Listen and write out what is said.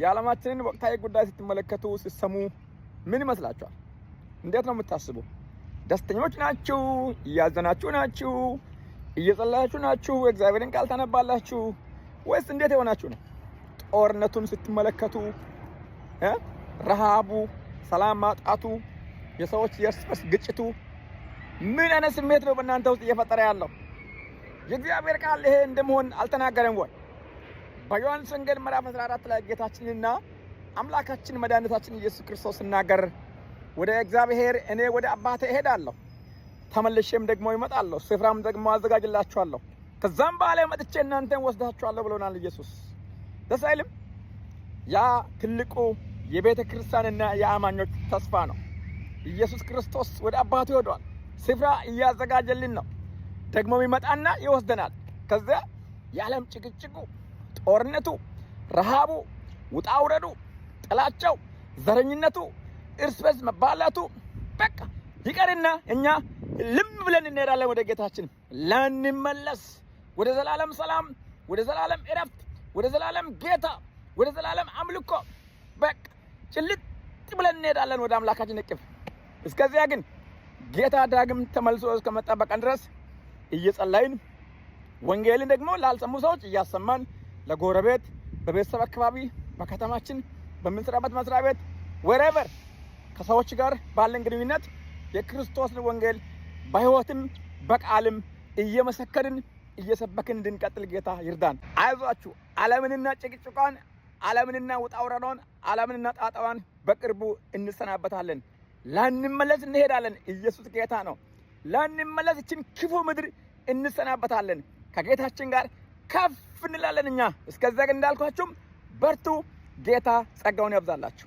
የዓለማችንን ወቅታዊ ጉዳይ ስትመለከቱ ስትሰሙ ምን ይመስላችኋል? እንዴት ነው የምታስቡ? ደስተኞች ናችሁ? እያዘናችሁ ናችሁ? እየጸለያችሁ ናችሁ? እግዚአብሔርን ቃል ታነባላችሁ ወይስ እንዴት የሆናችሁ ነው? ጦርነቱን ስትመለከቱ ረሃቡ፣ ሰላም ማጣቱ፣ የሰዎች የእርስ በርስ ግጭቱ ምን አይነት ስሜት ነው በእናንተ ውስጥ እየፈጠረ ያለው? የእግዚአብሔር ቃል ይሄ እንደመሆን አልተናገረም ወይ? በዮሐንስ ወንጌል ምዕራፍ 14 ላይ ጌታችንና አምላካችን መድኃኒታችን ኢየሱስ ክርስቶስ ሲናገር ወደ እግዚአብሔር እኔ ወደ አባቴ እሄዳለሁ ተመልሼም ደግሞ ይመጣለሁ ስፍራም ደግሞ አዘጋጅላችኋለሁ ከዛም በኋላ መጥቼ እናንተን ወስዳችኋለሁ ብሎናል ኢየሱስ። ደስ አይልም? ያ ትልቁ የቤተ ክርስቲያንና የአማኞች ተስፋ ነው። ኢየሱስ ክርስቶስ ወደ አባቱ ይወደዋል። ስፍራ እያዘጋጀልን ነው። ደግሞ ይመጣና ይወስደናል። ከዚያ የዓለም ጭቅጭቁ ጦርነቱ፣ ረሃቡ፣ ውጣውረዱ፣ ጥላቸው፣ ዘረኝነቱ፣ እርስ በርስ መባላቱ በቃ ይቀርና እኛ ልም ብለን እንሄዳለን ወደ ጌታችን ለንመለስ ወደ ዘላለም ሰላም፣ ወደ ዘላለም እረፍት፣ ወደ ዘላለም ጌታ፣ ወደ ዘላለም አምልኮ በቃ ጭልጥ ብለን እንሄዳለን ወደ አምላካችን እቅፍ። እስከዚያ ግን ጌታ ዳግም ተመልሶ እስከመጣ በቀን ድረስ እየጸለይን ወንጌልን ደግሞ ላልሰሙ ሰዎች እያሰማን ለጎረቤት፣ በቤተሰብ አካባቢ፣ በከተማችን፣ በምንሰራበት መስሪያ ቤት ወሬቨር ከሰዎች ጋር ባለን ግንኙነት የክርስቶስን ወንጌል በህይወትም በቃልም እየመሰከርን እየሰበክን እንድንቀጥል ጌታ ይርዳን። አይዟችሁ። ዓለምንና ጭቅጭቋን፣ ዓለምንና ውጣውረዷን፣ ዓለምንና ጣጣዋን በቅርቡ እንሰናበታለን። ላንመለስ እንሄዳለን። ኢየሱስ ጌታ ነው። ላንመለስ እችን ክፉ ምድር እንሰናበታለን። ከጌታችን ጋር ከፍ እንላለን እኛ። እስከዛ ግን እንዳልኳችሁም በርቱ። ጌታ ጸጋውን ያብዛላችሁ።